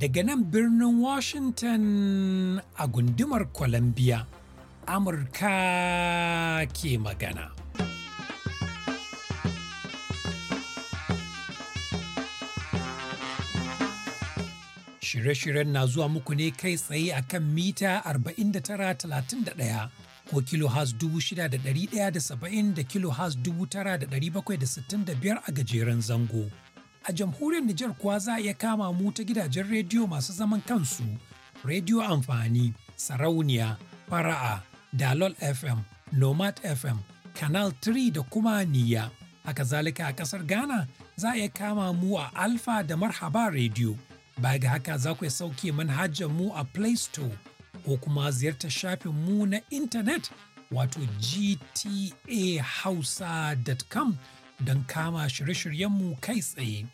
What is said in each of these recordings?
Daga nan birnin Washington a gundumar Columbia, Amurka ke magana. Shirye-shiryen na zuwa muku ne kai tsaye a kan mita 49.31 ko dubu 6,170 da da da da saba'in dubu tara bakwai da biyar a gajeren zango. A jamhuriyar Nijar kuwa za a iya kama mu ta gidajen rediyo masu zaman kansu, rediyo amfani, sarauniya, fara'a, dalol FM, nomad FM, canal 3 da kuma niya. A zalika a ƙasar Ghana za a iya kama mu a Alfa da Marhaba rediyo. Baya ga haka za ku sauke manhajar mu a Play Store. ko kuma ziyartar mu na intanet wato gtahausa.com don kama shirye-shiryenmu kai tsaye.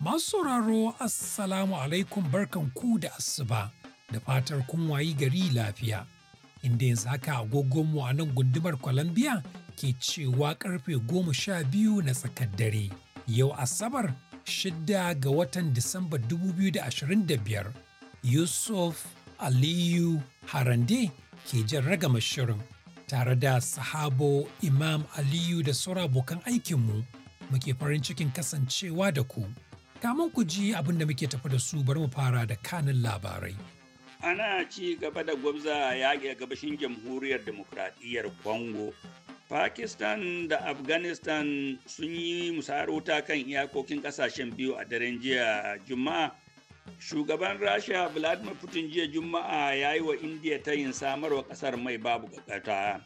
Masu sauraro Assalamu alaikum barkan ku da asuba da fatar kun wayi gari lafiya. Inda yanzu haka agogonmu a nan gundumar Columbia ke cewa karfe goma sha biyu na tsakar dare. Yau Asabar shidda ga watan Disamba 2025 Yusuf Aliyu Harande ke jan ragama shirin tare da sahabo Imam Aliyu da sauran abokan aikinmu muke farin cikin kasancewa da ku. Kamun ku ji abin da muke tafi da su bari mu fara da kanin labarai. Ana ci gaba da gwamza yaƙi a gabashin jamhuriyar demokradiyyar Congo. Pakistan da Afghanistan sun yi musarauta kan iyakokin ƙasashen biyu a daren jiya Juma'a shugaban rasha vladimir putin jiya juma'a ya yi wa indiya ta yin samarwa kasar mai babu gagata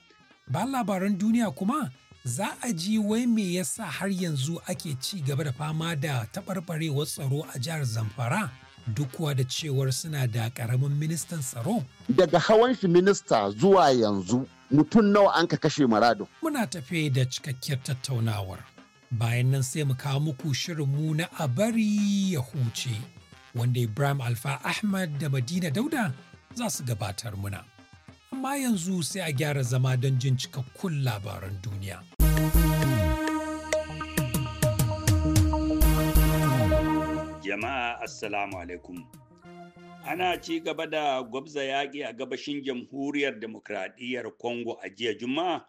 ba labaran duniya kuma za a ji wai me yasa har yanzu ake ci gaba da fama da taɓarɓarewar tsaro a jihar zamfara duk da cewar suna da ƙaramin ministan tsaro daga hawan shi minista zuwa yanzu mutum nawa an ka kashe maradon muna tafe da cikakkiyar tattaunawar bayan nan sai mu kawo muku mu na a bari ya huce wanda Ibrahim Alfa Ahmad da Madina Dauda za su gabatar muna. Amma yanzu sai a gyara zama don jin cikakkun labaran duniya. Jama'a Assalamu alaikum. Ana ci gaba da gwabza yaƙi a gabashin jamhuriyar demokradiyyar Kongo a jiya Juma'a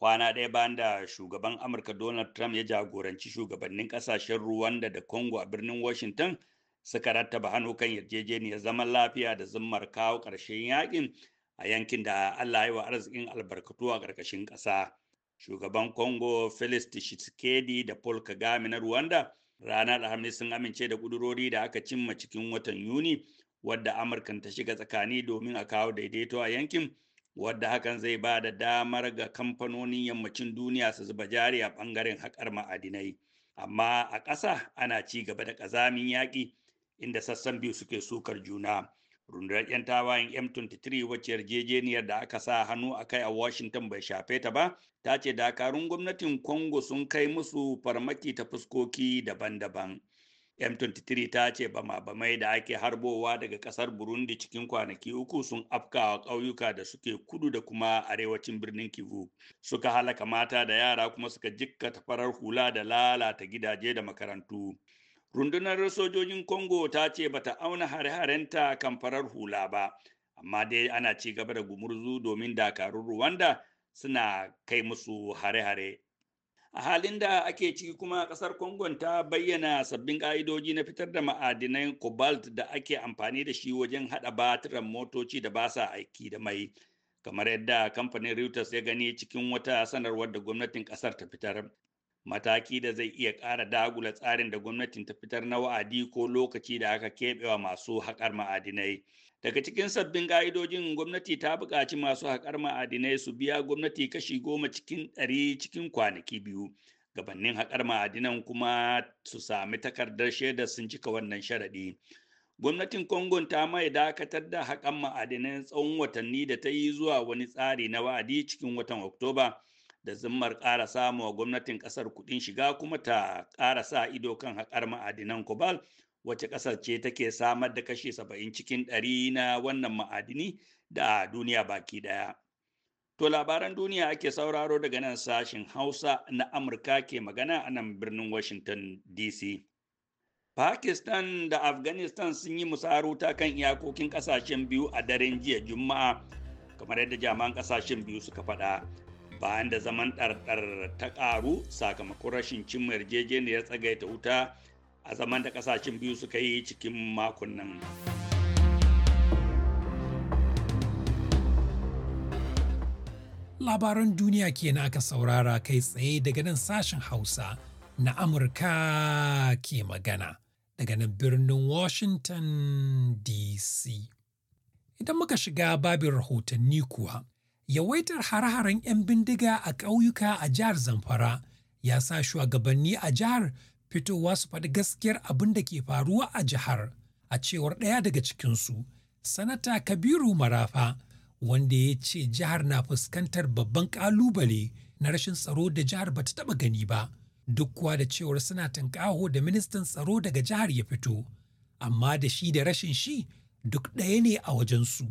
kwana ɗaya bayan da shugaban Amurka Donald Trump ya jagoranci shugabannin ƙasashen Ruwanda da Congo a birnin Washington. suka rattaba hannu kan yarjejeniyar zaman lafiya da zummar kawo ƙarshen yakin a yankin da Allah ya wa arzikin albarkatu a ƙarƙashin ƙasa. Shugaban Congo Felix Tshisekedi da Paul Kagame na Rwanda ranar Alhamis sun amince da ƙudurori da aka cimma cikin watan Yuni wadda Amurkan ta shiga tsakani domin a kawo daidaito a yankin wadda hakan zai ba da damar ga kamfanonin yammacin duniya su zuba jari a ɓangaren haƙar ma'adinai. Amma a ƙasa ana ci gaba da ƙazamin yaƙi inda sassan biyu suke sukar juna rundunar 'yan tawayen m23 wacce yarjejeniyar da aka sa hannu a kai a washington bai shafe ta ba ta ce dakarun gwamnatin congo sun kai musu farmaki ta fuskoki daban-daban m23 ta ce bama-bamai da ake harbowa daga kasar burundi cikin kwanaki uku sun afkawa ƙauyuka da suke kudu da kuma arewacin birnin kivu suka halaka mata da yara kuma suka jikkata farar hula da lalata gidaje da makarantu rundunar sojojin congo ta ce bata auna hare-harenta kan farar hula ba amma dai ana ci gaba da gumurzu domin dakarun rwanda suna kai musu hare-hare a halin da ake ciki kuma kasar congo ta bayyana sabbin ka'idoji na fitar da ma'adinan cobalt da ake amfani da shi wajen hada batiran motoci da ba sa aiki da mai kamar yadda kamfanin Reuters ya gani cikin wata sanarwar da gwamnatin kasar ta fitar mataki da zai iya ƙara dagula tsarin da gwamnatin ta fitar na wa'adi ko lokaci da aka keɓewa masu haƙar ma'adinai. Daga cikin sabbin ƙa'idojin gwamnati ta buƙaci masu haƙar ma'adinai su biya gwamnati kashi goma cikin ɗari cikin kwanaki biyu. Gabannin haƙar ma'adinan kuma su sami takardar shaidar sun cika wannan sharaɗi. Gwamnatin Kongon ta mai dakatar da haƙan ma'adinan tsawon watanni da ta yi zuwa wani tsari na wa'adi cikin watan Oktoba. da zimmar ƙara samu wa gwamnatin ƙasar kuɗin shiga kuma ta ƙara sa ido kan haƙar ma'adinan cobalt wacce ƙasar ce take samar da kashe saba'in cikin ɗari na wannan ma'adini da duniya baki ɗaya. To labaran duniya ake sauraro daga nan sashin Hausa na Amurka ke magana a nan birnin Washington DC. Pakistan da Afghanistan sun yi musaruta kan iyakokin ƙasashen biyu a daren jiya Juma'a kamar yadda jami'an ƙasashen biyu suka faɗa. bayan da zaman ɗarɗar ta ƙaru sakamakon rashin cin yarjejeniyar tsagaita wuta a zaman da ƙasashen biyu suka yi cikin makon nan. Labaran duniya kenan aka saurara kai tsaye daga nan sashen Hausa na Amurka ke magana daga nan birnin Washington DC. Idan muka shiga babin rahotanni kuwa, yawaitar hare-haren 'yan bindiga a ƙauyuka a jihar zamfara ya sa shugabanni a jihar fitowa su faɗi gaskiyar abin da ke faruwa a jihar a cewar ɗaya daga cikinsu sanata kabiru marafa wanda ya ce jihar na fuskantar babban ƙalubale na rashin tsaro da jihar ba ta taɓa gani ba duk kuwa da cewar suna tunƙaho da ministan tsaro daga jihar ya fito amma da shi da rashin shi duk ɗaya ne a wajensu.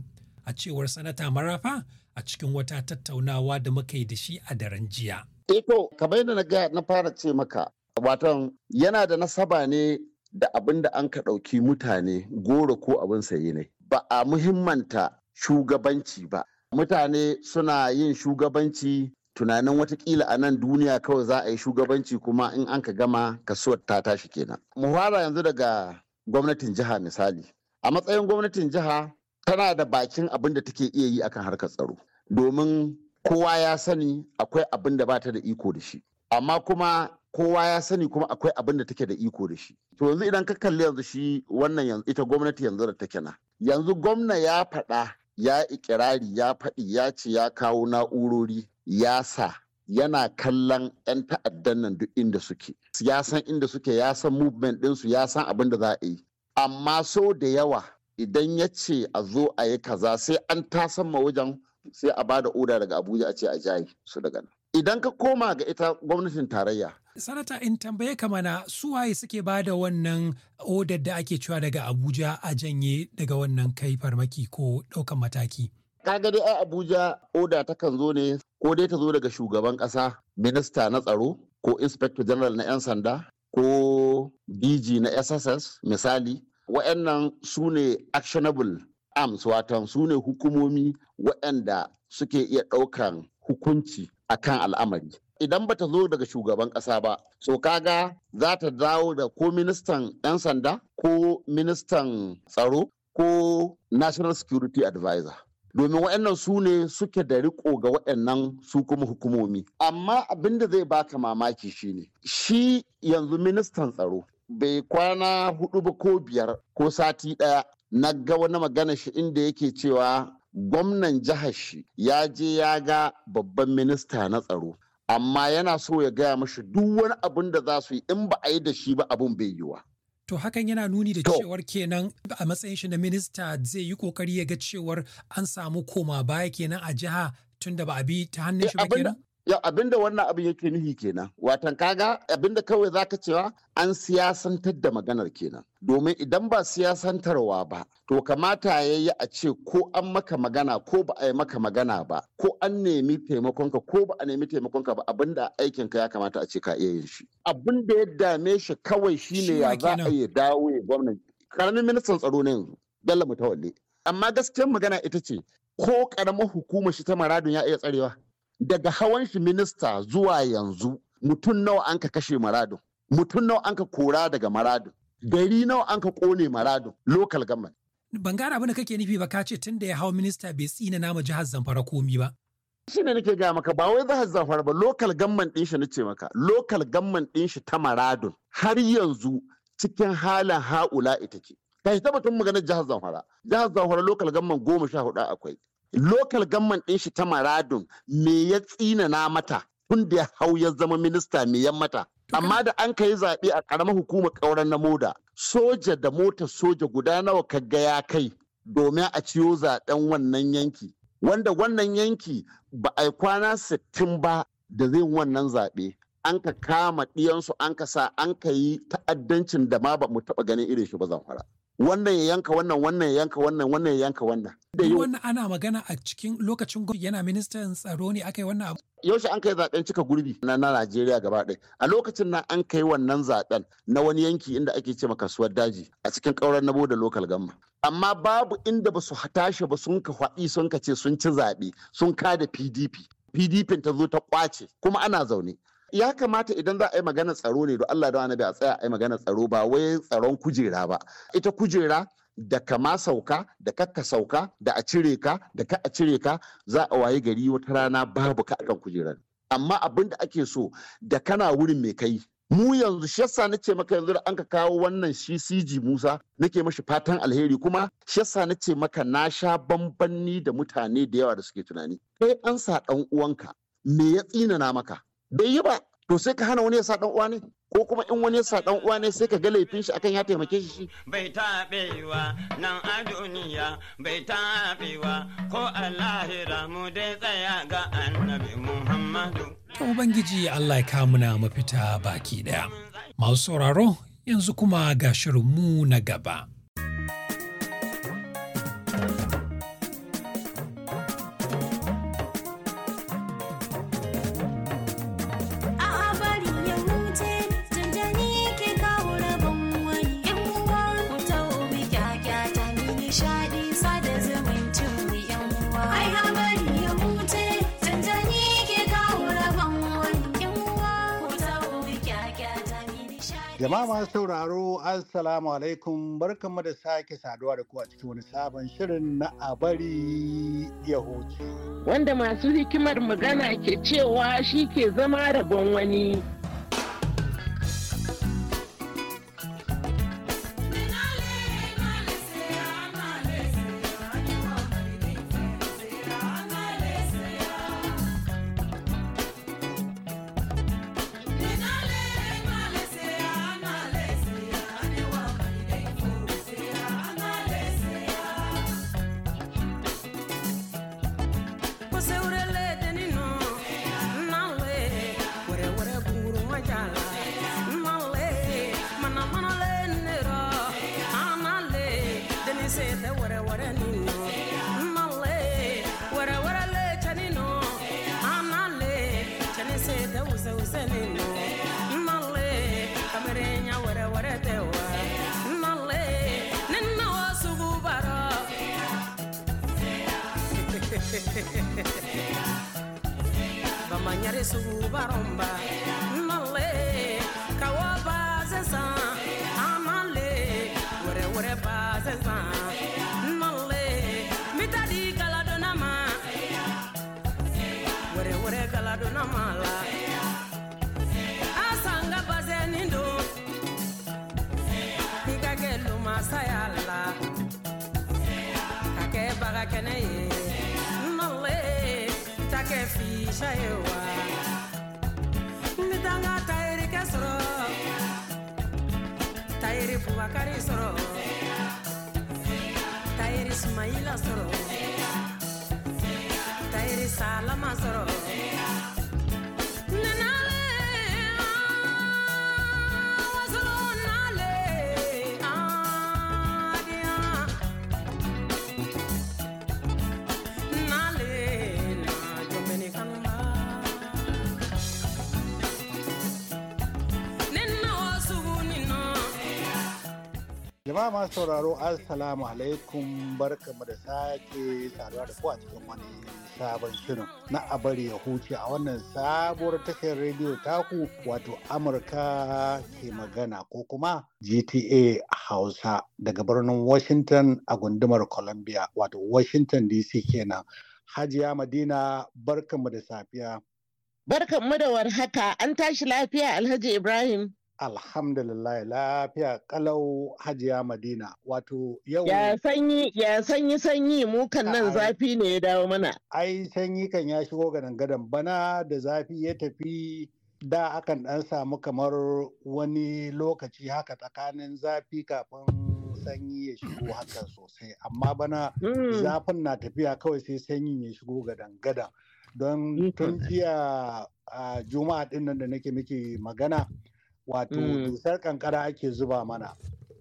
a cewar sanata marafa a cikin wata tattaunawa da muka yi da shi a daren jiya. Eto, eh kamar yadda na gaya na fara ce maka, watan yana da nasaba ne da abin da an ka ɗauki mutane goro ko abin saye ne. Ba a muhimmanta shugabanci ba. Mutane suna yin shugabanci tunanin watakila a nan duniya kawai za a yi shugabanci kuma in an ka gama kasuwar ta tashi kenan. Mu fara yanzu daga gwamnatin jiha misali. A matsayin gwamnatin jiha tana da bakin abin da take iya yi akan harkar tsaro domin kowa ya sani akwai abin da bata da iko da shi amma kuma kowa ya sani kuma akwai abin da take da iko da shi to yanzu idan ka kalli yanzu shi wannan yanzu ita gwamnati yanzu da take na yanzu gwamna ya faɗa ya ikirari ya faɗi ya ce ya kawo na'urori ya sa yana kallon 'yan ta'addan nan duk inda suke ya san inda suke ya san movement ɗinsu ya san abin da za a yi amma so da yawa idan ya ce a zo a yi kaza sai an tasan ma wajen sai a bada oda daga abuja a ce a jayi su daga nan idan ka koma ga ita gwamnatin tarayya sanata in tambaye ka mana su waye suke ba da wannan odar da ake cewa daga abuja a janye daga wannan kai farmaki ko ɗaukan mataki kaga dai ai abuja oda takan zo ne ko dai ta zo daga shugaban ƙasa minista na tsaro ko inspector general na 'yan sanda ko dg na sss misali wa'annan su ne actionable arms watan su ne hukumomi wa'anda suke iya ɗaukan hukunci akan al'amari idan bata zo daga shugaban ƙasa ba so kaga za ta dawo da ko ministan 'yan sanda ko ministan tsaro ko national security advisor domin waɗannan su ne suke da riko ga waɗannan su kuma hukumomi amma abinda zai baka mamaki shine shi yanzu ministan tsaro bai kwana hudu ba ko biyar ko sati daya na ga wani magana shi inda yake cewa gwamnan jihar shi ya je ya ga babban minista na tsaro amma yana so ya gaya mashi duk wani abin da za su yi in ba a yi da shi ba abin bai yi wa? To hakan yana nuni da cewar kenan a matsayin shi na minista zai yi kokari ya ga cewar an samu koma baya kenan a jiha tun da ba a bi ta hannun eh, shi ba kenan? Yau abinda wannan abin yake nufi kenan. Watan kaga abinda kawai zaka cewa an siyasantar da maganar kenan. Domin idan ba siyasantarwa ba, to kamata ya yi a ce ko an maka magana ko ba a yi maka magana ba, ko an nemi taimakonka ko ba a nemi taimakonka ba abinda aikinka ya kamata a ce ka iya yin shi. Abin da ya dame shi kawai shine ya za a yi dawo ya gwamnati. Karamin ministan tsaro ne yanzu, Bello Mutawalle. Amma gaskiyar magana ita ce, ko karamar hukumar shi ta maradun ya iya tsarewa. daga hawan shi minista zuwa yanzu mutum nawa an ka kashe maradun mutum nawa an ka kora daga maradun gari nawa an ka kone maradun local government ban gara abin da kake nufi ba ka ce tun da ya hau minista bai tsina nama jihar zamfara komi ba shi ne nake ga maka ba wai jihar zamfara ba local government din shi nace maka local government din shi ta maradun har yanzu cikin halin haula ita ke kai ta batun magana jihar zamfara jihar zamfara local government goma sha hudu akwai Lokal government ɗin shi ta maradun me ya tsinana mata tun da ya hau ya zama minista me ya mata amma da an ka zaɓe a ƙaramar hukumar ƙauren na moda soja da mota soja guda nawa ka gaya kai domin a ciyo zaɓen wannan yanki wanda wannan yanki ba a kwana sittin ba da zai wannan zaɓe an ka kama ɗiyansu an ka sa an ka yi ta'addancin da ma ba mu taɓa ganin irin shi ba zamfara. wannan ya yanka wannan wannan ya yanka wannan wannan ya yanka wannan. wannan ana magana a cikin lokacin gwamnati yana ministan tsaro ne aka yi wannan abu. Yaushe an kai zaben cika gurbi na na Najeriya gaba ɗaya. A lokacin na an kai wannan zaben na wani yanki inda ake ce ma kasuwar daji a cikin ƙauren nabo da lokal gamma. Amma babu inda ba su tashi ba sun ka faɗi sun ka ce sun ci zaɓe sun kada PDP. PDP ta zo ta kwace kuma ana zaune. ya kamata idan za a yi magana tsaro ne don Allah da annabi a tsaya a yi magana tsaro ba wai tsaron kujera ba ita kujera da kama sauka da kakka sauka da a cire ka da ka a cire ka za a waye gari wata rana babu ka akan kujerar amma abin da ake so da kana wurin mai kai mu yanzu shassa na ce maka yanzu da an ka kawo wannan shi CG Musa nake mashi fatan alheri kuma shassa na ce maka na sha bambanni da mutane da yawa da suke tunani kai an sa dan uwanka me ya tsinana maka bai yi ba to sai ka hana wani ya sa dan uwa ne ko kuma in wani ya sa dan uwa ne sai ka ga laifin shi akan ya taimake shi bai taɓewa nan a duniya bai tabewa ko alahira mu dai tsaya ga annabi muhammadu ta ubangiji allah ya muna mafita baki daya masu sauraro yanzu kuma ga shirinmu na gaba Jama'a masu sauraro, Assalamu alaikum barkanmu da sake saduwa da ku a cikin wani sabon shirin na abari Wanda masu hikimar magana ke cewa shi ke zama rabon wani. bamanya resubu baromba yeah. ke fisha ewa nditanga tayiri ke sɔrɔ tayiri bubakari sɔrɔ tayiri sumayila sɔrɔ tayiri salama sɔrɔ Jama'a masu sauraro Assalamu alaikum barkamu da sake saduwa da ku a cikin wani sabon shirin na abari ya huce a wannan sabuwar tashar rediyo taku wato Amurka ke magana ko kuma GTA Hausa daga birnin Washington a gundumar Columbia wato Washington DC kenan. Hajiya Madina barkamu da safiya. Barkanmu da warhaka an tashi lafiya Alhaji Ibrahim. Alhamdulillah lafiya kalau hajiya Madina wato yau ya sanyi ya sanyi sanyi mu kan nan zafi ne ya dawo mana ai sanyi kan ya shigo gadan gadan bana da zafi ya tafi da akan dan samu kamar wani lokaci haka tsakanin zafi kafin sanyi ya shigo haka sosai amma bana hmm. zafin na tafiya kawai sai sanyin ya shigo gadan gadan don tun jiya juma'a din da nake miki magana wato mm. dusar kankara ake zuba mana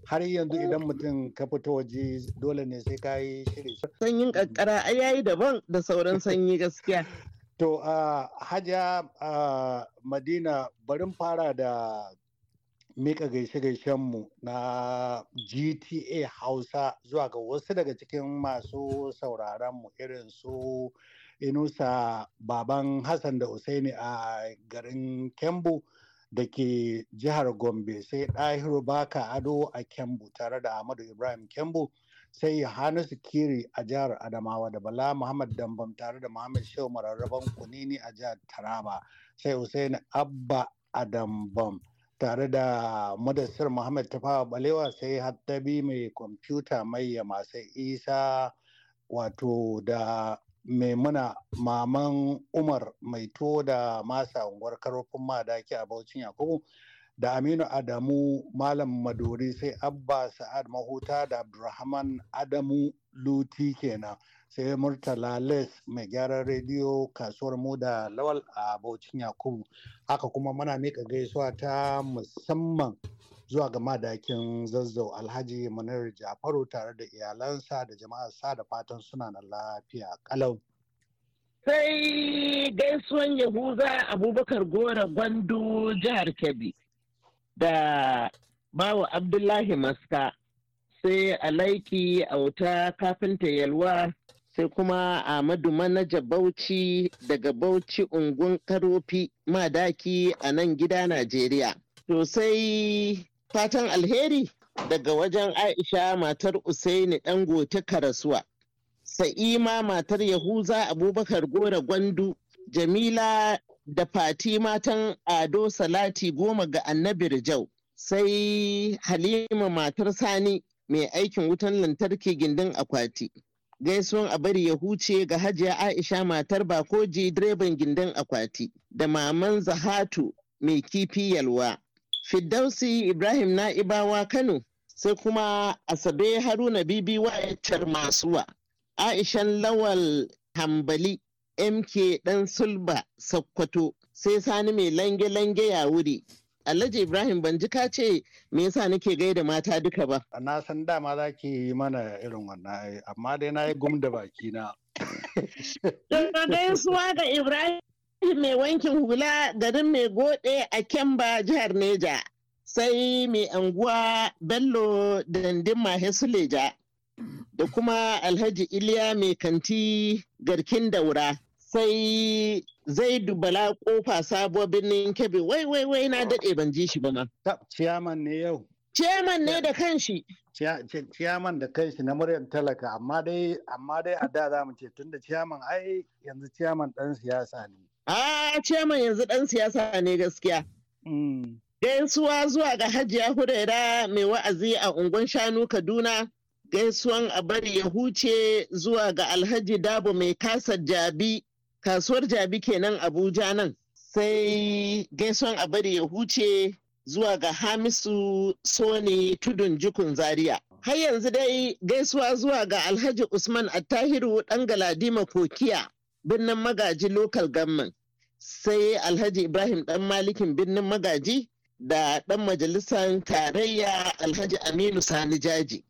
har yanzu mm. idan mutum ka fito waje dole ne sai kayi. yi shiri sanyin kankara ai yayi daban da sauran sanyi gaskiya to haja a madina barin fara da mika gaishe-gaishenmu na GTA Hausa zuwa ga wasu daga cikin masu sauraronmu irin su Inusa Baban Hassan da Usaini a garin Kembu da ke jihar Gombe sai Ɗahiru Baka Ado a Kembu tare da Ahmadu Ibrahim Kembu sai Yohanusu Kiri a jihar Adamawa da Bala Muhammad Dambam tare da Muhammad Shehu Mararraban Kunini a jihar Taraba sai Hussaini Abba a Adambam tare da Mudassir Muhammad Tafawa Balewa sai Hattabi mai kwamfuta mai yama sai Isa wato da maimuna maman umar mai to da masa unguwar karofin madaki a baucin yakubu da aminu adamu malam madori sai abba sa'ad mahuta da abdulrahman adamu luti kenan sai murtala les mai gyaran rediyo kasuwar mu da lawal a bautin yakubu haka kuma muna mika gaisuwa ta musamman zuwa ga madakin zazzau alhaji manar jafaru tare da iyalansa da jama'arsa da fatan suna na lafiya kalau sai gaisuwan yahuza abubakar gora gwandu jihar kebbi da bawa abdullahi maska sai a alaiki auta kafinta yalwa sai kuma Ahmadu Manaja Bauchi daga Bauchi Ungun Karofi Madaki a nan gida Najeriya. To sai fatan alheri daga wajen Aisha matar Usaini gote Karasuwa. Sa'ima matar Yahuza Abubakar Gora Gwandu, Jamila da Fati matan Ado Salati goma ga Annabir Jau. Sai Halima matar Sani mai aikin wutan lantarki gindin akwati. gaisuwan a bari ya huce ga hajiya aisha matar bakoji direban gindin akwati da maman zahatu mai kifi yalwa fiddausi ibrahim na'ibawa kano sai kuma asabe haruna bibi wayacar masuwa aishan lawal hambali mk dan sulba sakkwato sai sani mai lange-lange ya wuri Alhaji Ibrahim ban ji ka ce me yasa nake gaida mata duka ba. Na san dama za ki yi mana irin wannan amma dai na yi gum da baki na. gaisuwa ga Ibrahim mai wankin hula garin mai gode a Kemba jihar Neja. Sai mai anguwa Bello Dandin Mahe Suleja da kuma Alhaji Iliya mai kanti garkin daura. sai zaidu bala kofa sabuwar birnin kebe wai wai wai na daɗe ban ji shi ba ma. ciyaman ne yau. ciyaman ne da kanshi. ciyaman da kanshi na muryar talaka amma dai amma dai a da zamu ce tunda ciyaman ai yanzu ciyaman dan siyasa ne. a ciyaman yanzu dan siyasa ne gaskiya. Mm. gaisuwa zuwa ga hajiya hurera mai wa'azi a unguwan shanu kaduna gaisuwan a bari ya huce zuwa ga alhaji dabo mai kasa jabi kasuwar jabi kenan abuja nan sai gaisuwan a bari ya huce zuwa ga hamisu sone tudun Jukun zaria har yanzu dai gaisuwa zuwa ga alhaji usman attahiru dan galadima kokiya birnin magaji local government sai alhaji ibrahim dan malikin birnin magaji da dan majalisar tarayya alhaji aminu sani jaji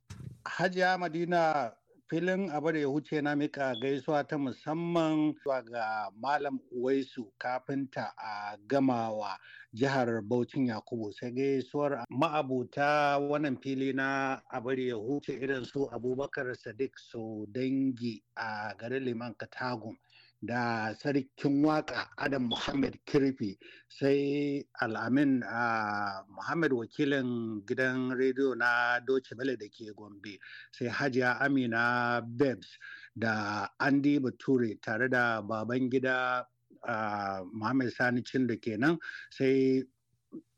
hajiya madina filin da ya huce na mika gaisuwa ta musamman zuwa ga Malam Uwaisu kafinta a gamawa jihar Bauchin Yakubu sai gaisuwar ma'abuta wannan fili na da ya huce irin su Abubakar Sadiq so dangi a garin Liman katagun. da sarkin waka adam muhammad kirfi sai al'amin a muhammad wakilin gidan rediyo na doce bale da ke gombe sai hajiya amina Bebs da andy bature tare da baban gida uh, muhammad sani cin da kenan sai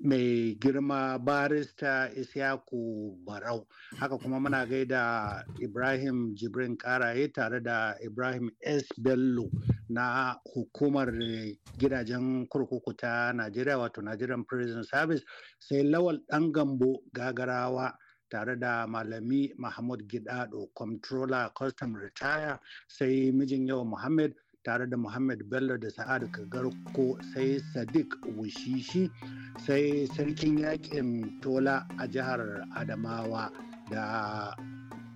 mai girma barista isyaku barau haka kuma muna gaida ibrahim jibrin karaye tare da ibrahim s bello na hukumar gidajen kurkuku ta najeriya wato nigerian prison service sai lawal dan gambo gagarawa tare da malami mahmud gidado comptroller custom retire sai mijin yau muhammad tare da muhammad bello da sa'ad garko sai sadiq wushishi sai sarkin yakin tola a jihar adamawa da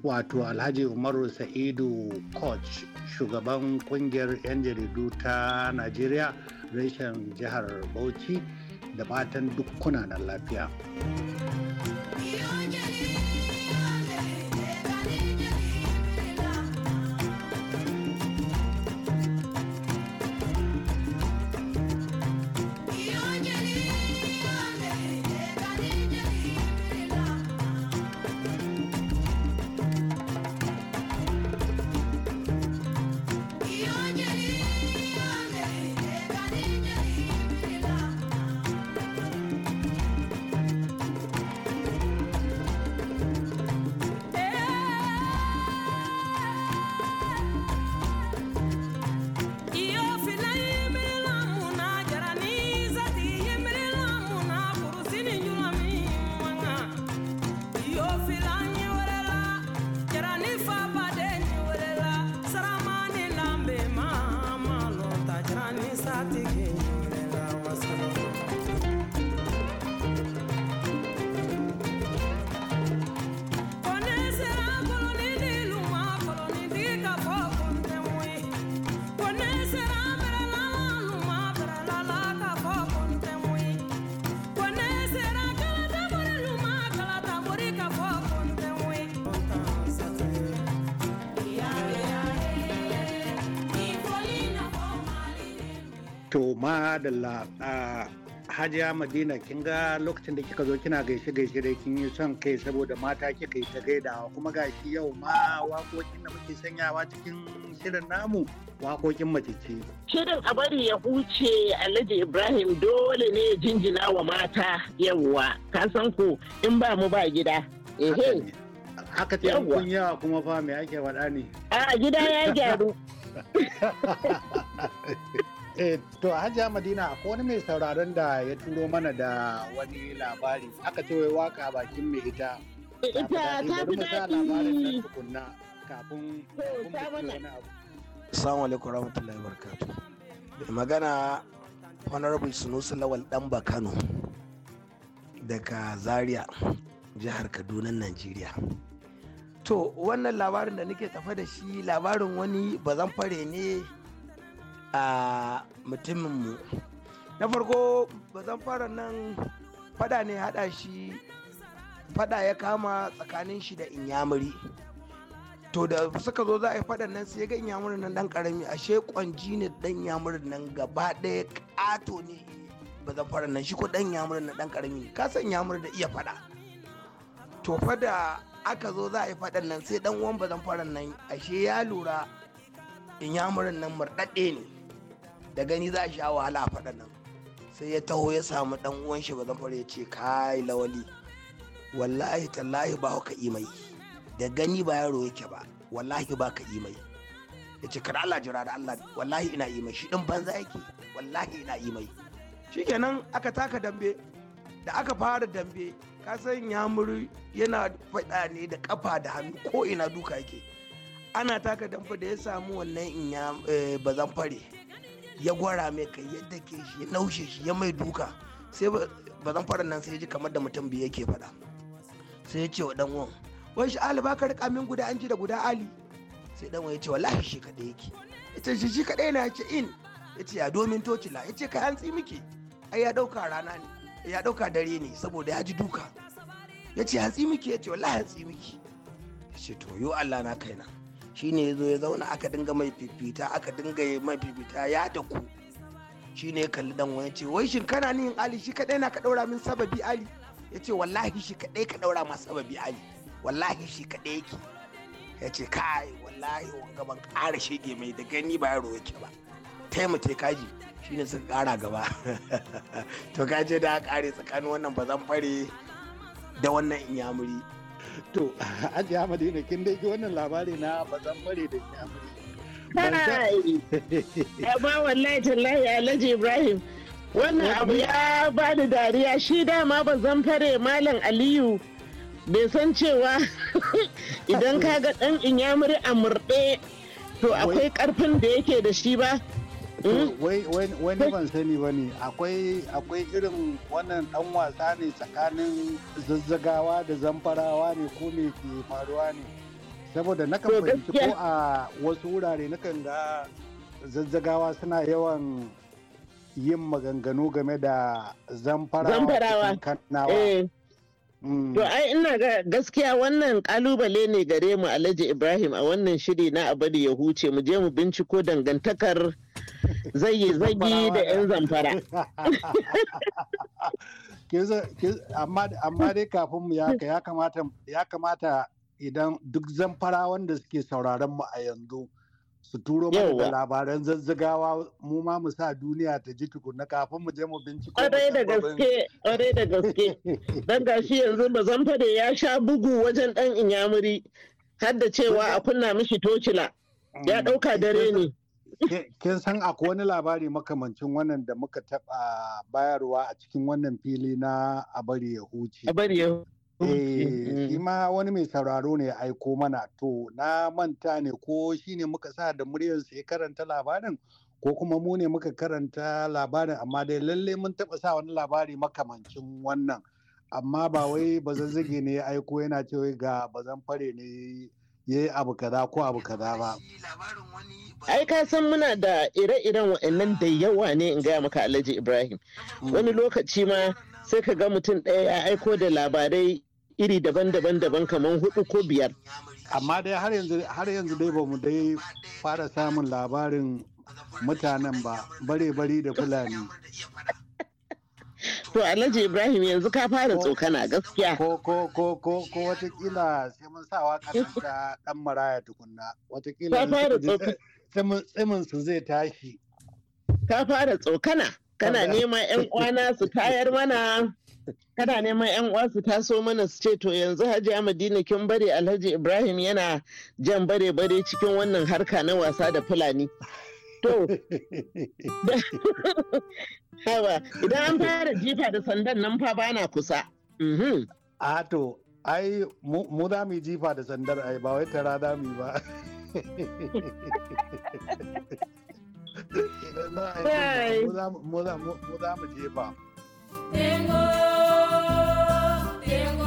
wato alhaji umaru sa'idu koch shugaban kungiyar 'yan jaridu ta najeriya reshen jihar bauchi da batan duk kunanan lafiya. Adalla a hajiya madina kin ga lokacin da kika zo kina gaishe gaishe da kin yi son kai saboda mata kika yi ta gaidawa kuma gashi yau ma wakokin da muke sanyawa cikin shirin namu wakokin mace ce. Shirin a bari ya huce Alhaji Ibrahim dole ne jinjina wa mata yawwa ka san ku in ba mu ba gida. Ehe. Haka ce kun yawa kuma fa me ake faɗa ne? A gida ya gyaru. Eh, to Hajiya Madina akwai wani mai sauraron da ya turo mana da wani labari aka ce wai waka bakin mai ita. Eh, ita ta fi daɗi. Kafin wani abu. Assalamu alaikum warahmatullahi wabarakatuh. magana Honorable Sunusi Lawal Ɗanba Kano daga Zaria, jihar Kaduna, Najeriya. To wannan labarin da nake tafa da shi labarin wani bazan fare ne a mutuminmu na farko ba zan fara nan fada ne hada shi fada ya kama tsakanin shi da inyamuri to da suka zo za a yi fadan nan sai ga inyamuri nan dan karami ashe kwanji ne dan inyamuri nan gaba ɗaya ƙato ne ba zan fara nan shi ko dan inyamuri nan dan karami ka san inyamuri da iya fada to fada aka zo za a yi fadan nan sai dan uwan ba zan fara nan ashe ya lura inyamuri nan murɗaɗɗe ne da gani za a sha wahala a faɗa nan sai ya taho ya samu ɗan uwan shi bazan fara ya ce kai lawali wallahi tallahi ba ka imai da gani ba yaro yake ba wallahi ba ka imai ya ce kada Allah jira da Allah wallahi ina imai shi ɗin banza yake wallahi ina imai shikenan aka taka dambe da aka fara dambe ka san yamuri yana faɗa ne da ƙafa da hannu ko ina duka yake ana taka dambe da ya samu wannan in ya eh, bazan fare ya gwara mai kai yadda ke shi ya naushe shi ya mai duka sai ba zan fara nan sai ya ji kamar da mutum biyu yake faɗa sai ya ce wa dan wan wai shi ali baka rika min guda an ji da guda ali sai dan wan ya ce wallahi shi kadai yake ita shi shi kadai na ce in ya ce ya domin tocila ya ce kai tsi miki? ai ya dauka rana ne ya dauka dare ne saboda ya ji duka ya ce tsi miki ya ce wallahi tsi miki ya ce to yo Allah na kaina shine ya zo ya zauna aka dinga mai fifita aka dinga mai fifita ya da ku shine ya kalli dan wani ce wai shin kana yin ali shi kadai na ka daura min sababi ali ya ce wallahi shi kadai ka daura ma sababi ali wallahi shi kadai yake ya ce kai wallahi wanga ban ƙara shege mai da gani ba yaro yake ba taimake kaji shine sun ƙara gaba to kaje da kare tsakanin wannan bazan fare da wannan inyamuri To, Amadu Madina, kin dai wannan labari na bazan bare da kyamuri. Kai! Ba wallahi tallahi Alhaji Ibrahim. Wannan abu ya ba da dariya shi dama bazan fare Malam Aliyu bai san cewa idan ka ga ɗan inyamuri a murɗe to akwai ƙarfin da yake da shi ba. Eh? wai ban sani ba ne akwai irin wannan dan wasa ne tsakanin zazzagawa da zamfarawa ne ko me ke faruwa ne saboda na kan fahimci ko a wasu wurare na kan ga zazzagawa suna yawan yin maganganu game da zamfarawa eh. mm. To ai ina ga gaskiya wannan kalubale ne gare mu Alhaji Ibrahim a wannan shiri na abadi ya huce mu je mu binciko dangantakar zai yi zagi da yan zamfara amma dai kafin mu ya kamata ya kamata idan duk zamfara wanda suke sauraron mu a yanzu su turo mana da labaran zazzagawa mu ma mu sa duniya ta ji tukuna kafin mu je mu binciko ƙwarai da gaske ƙwarai da gaske dan gashi yanzu ba zamfara ya sha bugu wajen dan inyamuri har da cewa a kunna mishi tocila ya mm. ɗauka dare ne kin san akwai wani labari makamancin wannan da muka taɓa bayarwa a cikin wannan fili na a bari ya huce. A bari ya Eh, shi mm. ma wani mai sauraro ne aiko mana to na manta ne ko shi ne muka sa da muryarsa ya karanta labarin ko kuma mu ne muka karanta labarin amma dai lalle mun taɓa sa wani labari makamancin wannan amma ba wai bazazzage ne ya aiko yana cewa ga bazan fare ne ya yi abu kaza ko abu kaza ba. Ai ka san muna da ire-iren waɗannan da yawa ne in gaya maka Alhaji Ibrahim. Wani lokaci ma sai ka ga mutum ɗaya ya aiko da labarai iri daban-daban daban kamar hudu ko biyar. Amma dai har yanzu har yanzu dai bamu dai fara samun labarin mutanen ba bare-bare da Fulani. to alhaji ibrahim yanzu ka fara tsokana gaskiya ko ko ko ko ko watakila sai mun sa waƙar ta dan maraya tukunna watakila mun su zai tashi ka fara tsokana kana neman yan kwana su tayar mana kana neman yan uwa su taso mana su ce to yanzu hajiya amadina kin bare alhaji ibrahim yana jan bare bare cikin wannan harka na wasa da fulani To, hawa, idan an fara jifa da sandan nan fa bana kusa. Mhm. A to, ai mu za mu jifa da sandar ai ba wai tara za mu ba. Mu za mu jefa. Tengo, tengo,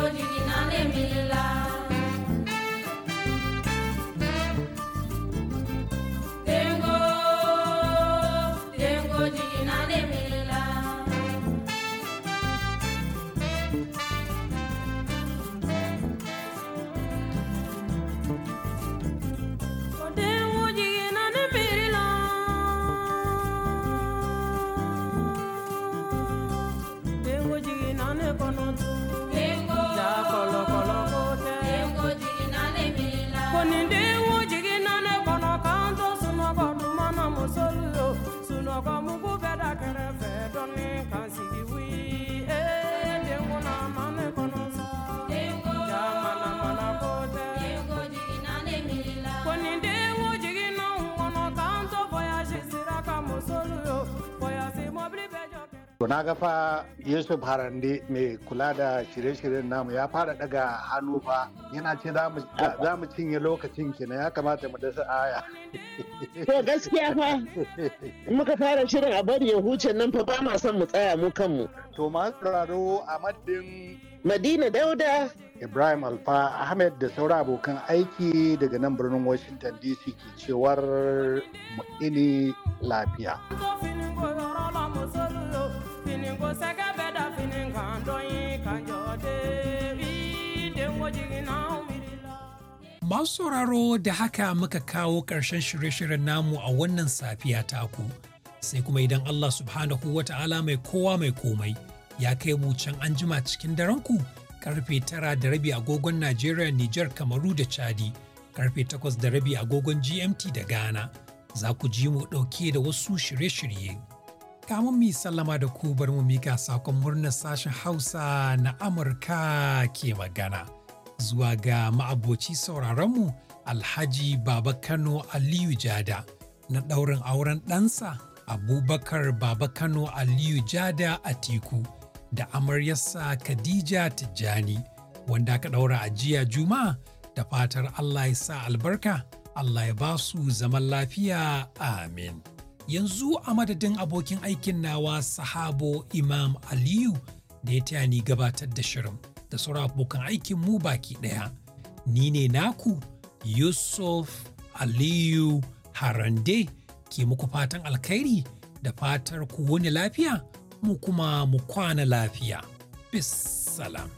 To na ga fa Yusuf Harande mai kula da shirye-shiryen namu ya fara daga hannu fa yana ce za mu cinye lokacin kenan ya kamata mu dasa aya. To gaskiya fa muka fara shirin a bari ya huce nan fa ba ma son mu tsaya mu kanmu. To ma sauraro a madadin Madina Dauda Ibrahim Alfa Ahmed da sauran abokan aiki daga nan birnin Washington DC ke cewar mu ini lafiya. ko Masu sauraro da haka muka kawo ƙarshen shirye-shiryen namu a wannan safiya taku, sai kuma idan Allah subhanahu wa ta'ala mai kowa mai komai ya kai mu can an jima cikin darenku karfe tara da rabi agogon Najeriya, Nijar, Kamaru da Chadi, karfe takwas da rabi agogon GMT da Ghana, za ku ji mu ɗauke da wasu shirye-shirye. kamun mi sallama da ku bari mu mika sakon murnar sashen Hausa na Amurka ke magana. Zuwa ga ma'aboci sauraronmu Alhaji Baba Kano Aliyu Jada na ɗaurin auren ɗansa Abubakar Baba Kano Aliyu Jada a teku da amaryarsa Khadija Tijjani wanda ka ɗaura a jiya Juma'a da fatar Allah ya sa albarka, Allah ya ba su zaman lafiya, amin. yanzu a madadin abokin aikin nawa sahabo imam aliyu da ya taya ni gabatar da shirin da sauran abokan aikin mu baki ɗaya ni ne naku yusuf aliyu harande ke muku fatan alkhairi da fatar ku wani lafiya mu kuma mu kwana lafiya bis salam